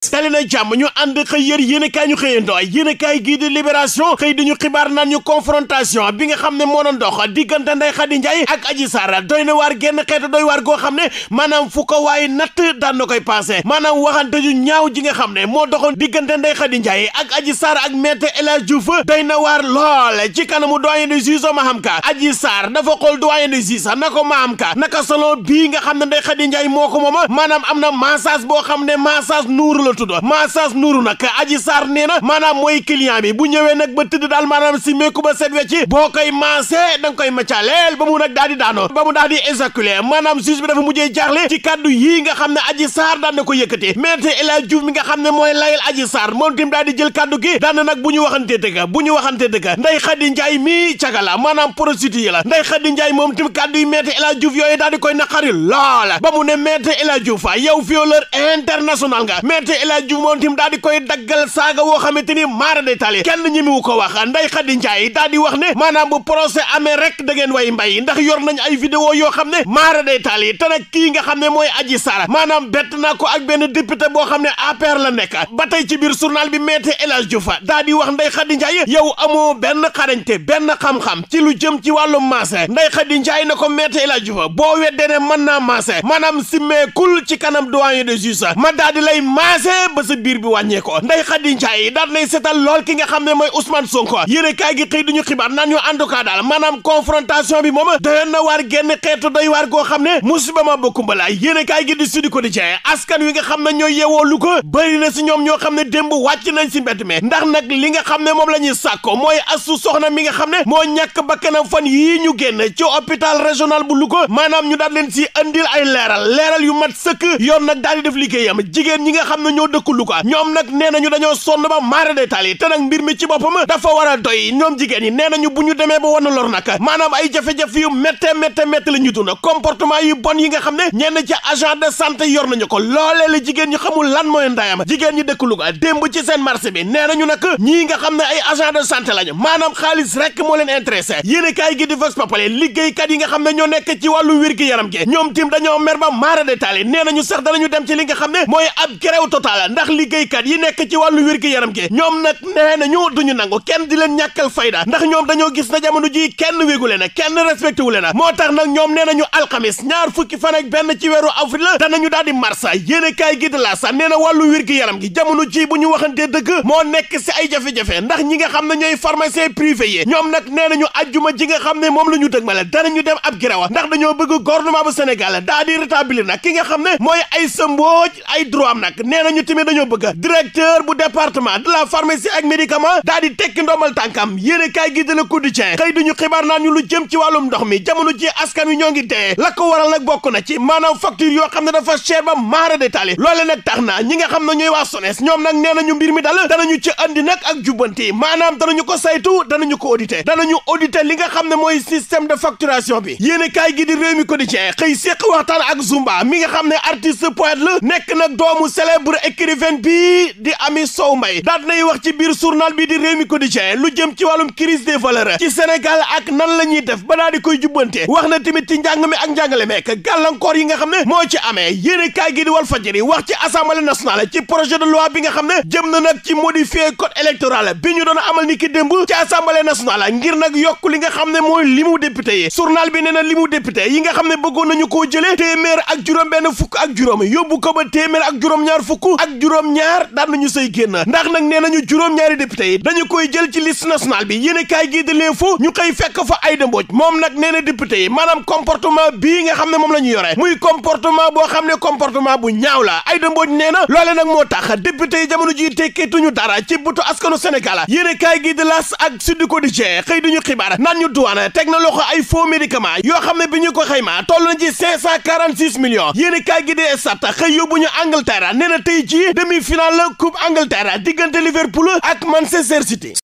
tali na jàmm ñu ànd xëy yër yéenekaay ñu xëyandoo yéenekaay gii di libération xëy di ñu xibaar naan ñu confrontation bi nga xam ne moo doon dox diggante Ndeye Khady Ndiaye ak aji Sarr doy na waar genn xeetu doy waar goo xam ne maanaam fu ko waaye natt daan na koy passé maanaam waxante ñaaw ji nga xam ne moo doxoon diggante Ndeye Khady Ndiaye ak Adji Sarr ak Maître El Hadji Diouf doy na waar lool ci kanamu doyen des juges Maham Ka Adji Sarr dafa xool doyen des juges na ko Maham Ka naka solo bii nga xam ne Ndeye Khady Ndiaye moo ko mooma maanaam am na massage boo xam ne massage nuur la la tudd Massas Nuuru nag Adji Sarr nee na maanaam mooy client bi bu ñëwee nag ba tëdd daal maanaam si meeku ba set wecci boo koy maasee da koy maccaaleel ba mu nag daal di daanoo ba mu daal di éjaculer maanaam juge bi dafa mujjee jaaxle ci kàddu yii nga xam ne Adji Sarr daan na ko yëkkati maître mi nga xam ne mooy layal Adji Sarr moom tim daal jël kàddu gi daan nag bu ñu waxante dëgg bu ñu waxante dëgg Ndeye Khady Ndiaye mii caga la maanaam prostituée la Ndeye Khady Ndiaye moom tim kàddu yi El Hadj Diouf moom tim di koy daggal saaga woo xamante ni maara day taali kenn ñemewu ko wax Ndeye Khady Ndiaye daal di wax ne maanaam bu procès amee rek da way mbay ndax yor nañ ay vidéo yoo xam ne maara day taali te nag kii nga xam ne mooy aji Sarr maanaam bett naa ko ak benn député boo xam ne a APR la nekk ba tey ci biir journal bi meete El Hadj Diouf daal di wax Ndeye Khady Ndiaye yow amoo benn xarañte benn xam-xam ci lu jëm ci wàllu maase Ndeye Khady Ndiaye na ko meete El Hadj Diouf boo weddee ne mën naa maase maanaam simmee kul ci kanam doyen de ma daal di lay maase kese ba sa biir bi wàññee ko nday xadi njaay daal nay seetal lool ki nga xam ne mooy Ousmane Sonko yéene kaay gi xëy duñu xibaar naan ñu en tout cas daal maanaam confrontation bi moom doyoon na waar génn xeetu doy waar goo xam ne musiba ma bokku mbalaay yéene kaay gi di Sud Quotidien askan wi nga xam ne ñooy yeewoo lu ko bëri ñoom ñoo xam ne dem démb wàcc nañ si mbedd mi ndax nag li nga xam ne moom la ñuy sàkko mooy asu soxna mi nga xam ne moo ñàkk bakkanam fan yii ñu génn ci hôpital régional bu Louga maanaam ñu daal leen si andil ay leeral leeral yu mat sëkk yoon nag daal di def liggéeyam jigéen ñi nga xam dañoo dëkkul lu ko ñoom nag nee nañu dañoo sonn ba maara détaal yi te nag mbir mi ci boppam dafa war a doy ñoom jigéen ñi nee nañu bu ñu demee ba wan lor nag maanaam ay jafe-jafe yu métte métte métte la ñu dund comportement yu bon yi nga xam ne ñenn ci agent de santé yor nañu ko loolee la jigéen ñi xamul lan mooy ndayam jigéen ñi dëkk Louga démb ci seen marché bi nee nañu nag ñii nga xam ne ay agent de santé lañu maanaam xaalis rek moo leen intéressé yéen kaay gi di Vox Populi kat yi nga xam ne ñoo nekk ci wàllu wér gi yaram gi ñoom tim dañoo mer ba maara détaal yi nee nañu sax danañu dem ci li nga xam ne mooy Sall ndax liggéeykat yi nekk ci wàllu wér-gi-yaram gi ñoom nag nee na ñu duñu nangu kenn di leen ñàkkal fayda ndax ñoom dañoo gis na jamono ji kenn wégule na kenn respecté wule na moo tax nag ñoom nee nañu alxamis ñaar fukki fa ak benn ci weeru avril la danañu daal di marsa yéene kaay gi di la sa nee na wàllu wér yaram gi jamono ji bu ñu waxantee dëgg moo nekk si ay jafe-jafe ndax ñi nga xam ne ñooy pharmacien privé yi ñoom nag nee nañu ajjuma ji nga xam ne moom la ñu dëgmale danañu dem ab girawa ndax dañoo bëgg gouvernement bu Sénégal daal di rétablir nag ki nga xam ne mooy ay sëmbooj ay droit am nag nee na ñu tamit dañoo bëgg directeur bu département de la pharmacie ak médicament daal di tekki ndomal tànkam yéene kaay gi de la quotidien xëy duñu xibaar naan ñu lu jëm ci wàllum ndox mi jamono ji askan wi ñoo ngi dee la ko waral nag bokk na ci maanaam facture yoo xam ne dafa cher ba maara détaillé loole nag tax na ñi nga xam ne ñooy waa SONES ñoom nag nee nañu mbir mi dal danañu ci andi nag ak jubbanti maanaam danañu ko saytu danañu ko audité danañu audité écrivain bi di Ami Sow Mbaye daat nay wax ci biir journal bi di Rewmi Quotidien lu jëm ci wàllum crise des valeurs ci Sénégal ak nan la ñuy def ba di koy jubbante wax na tamit ci njàng mi ak njàngale meek gàllankoor yi nga xam ne moo ci amee yéene kaay gi wal Walf Fadjri wax ci assemblée nationale ci projet de loi bi nga xam ne jëm na nag ci modifier code électoral bi ñu doon amal ni ki démb ci assemblée nationale ngir nag yokk li nga xam ne mooy limu député yi journal bi nee na limu député yi nga xam ne bëggoon nañu koo jëlee téeméer ak juróom benn fukk ak juróom yóbbu ko ba téeméer ak juróom ak juróom-ñaar daan nañu say génn ndax nag nee nañu juróom-ñaari député yi dañu koy jël ci liste nationale bi yéen a kaay gii di ñu koy fekk fa Aïda moom nag nee na député yi maanaam comportement bii nga xam ne moom la ñu yore muy comportement boo xam ne comportement bu ñaaw la Aïda Mbodj nee na loole nag moo tax député yi jamono ji tekkeetuñu dara ci butu askanu Sénégal yéen a kaay las ak Sud Quotidien xëy duñu xibaar naan ñu duwaan a kaay gii tey demi-finale la coupe Angleterre diggante Liverpool ak Manchester City